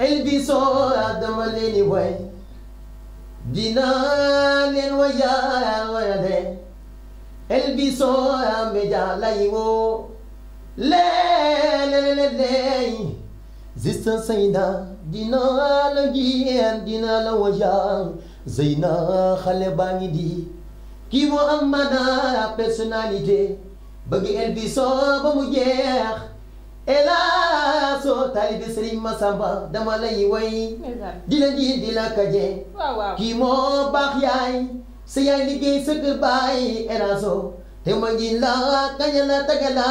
ay diisoo dama leeni way dinaa leen waya waya de el biso meja lay wo le le le le zista sayna dinaa la jiyan dinaa la waya zayna xale baa ngi di kii moo am maanaa personnalité bëgg el biso ba mu jeex elaasoo taalibe sëriñ Masamba dama lay way di la di di la kaje kii moo baax yaay sa yaay liggéey sa baay elaasoo te ma ngi la kaña la taga la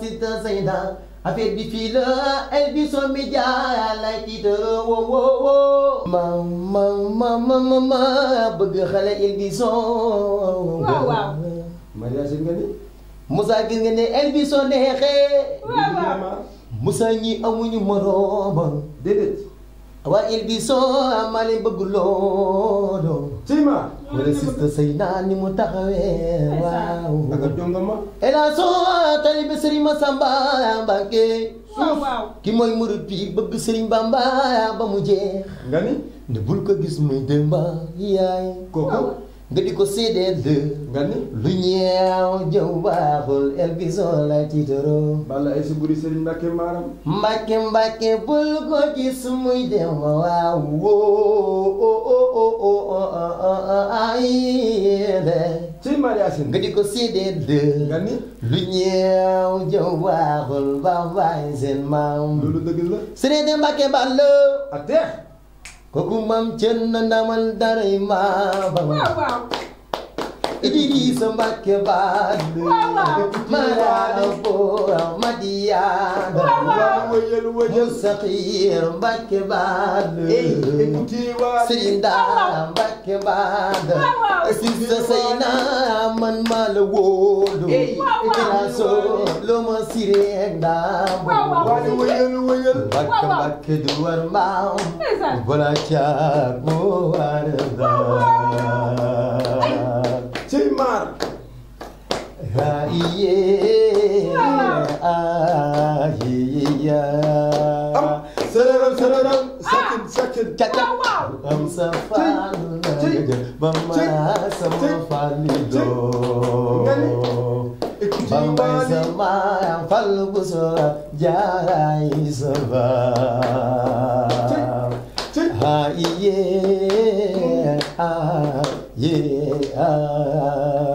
sita sayda affaire bi fii la El Vision Médias lay tiitara woo woo woo ma ma ma ma bëgg xale El Vision waaw waaw nga ni Moussa gis nga ne El neexee Moussa ñi amuñu morooma déedéet waa il bi soo amalee bëgg looloo cima wala sista say naan ni mu taxawee waaw aka jongoma ela soo tali bi Serigne Massamba Mbacké ah, ki mooy murid bi bëgg Serigne Bamba ba mu jeex nga ni ne bul ko gis muy démba yaay nga di ko séedee dë. nga ni lu ñeew jëw baaxul El Vision la tiitaroo. bala ay suburi sëriñ Mbàkke maaram. Mbàkke Mbàkke bul ko gis muy dem waaw woo ay de. sëriñ Mariasin. nga di ko séedee dë. nga ni lu ñeew jëw baaxul ba bàyyi seen maam. loolu dëgg la. sëriñ Mbàkke Balla. ak kooku maam ceen na ndamal daray maamam Idrissa Mbàkke baadu maraana boora madiyaana musaxiir Mbàkke baadu Sëriñ Daara Mbàkke baadu sista Seyna man maa la wóolu. dinaa solo ma siree ndax. wala wëyal wëyal. mbàkk mbàkk du war mbaam. voilà caa boo war a cey maar. ayiye ayiya. am sërëram sërëram. second. Wow, wow. I'm so fine. Mama, so fine. Do. Mama, so fine. Follow us. Yara is a Ah, yeah. Ah, yeah. Ah.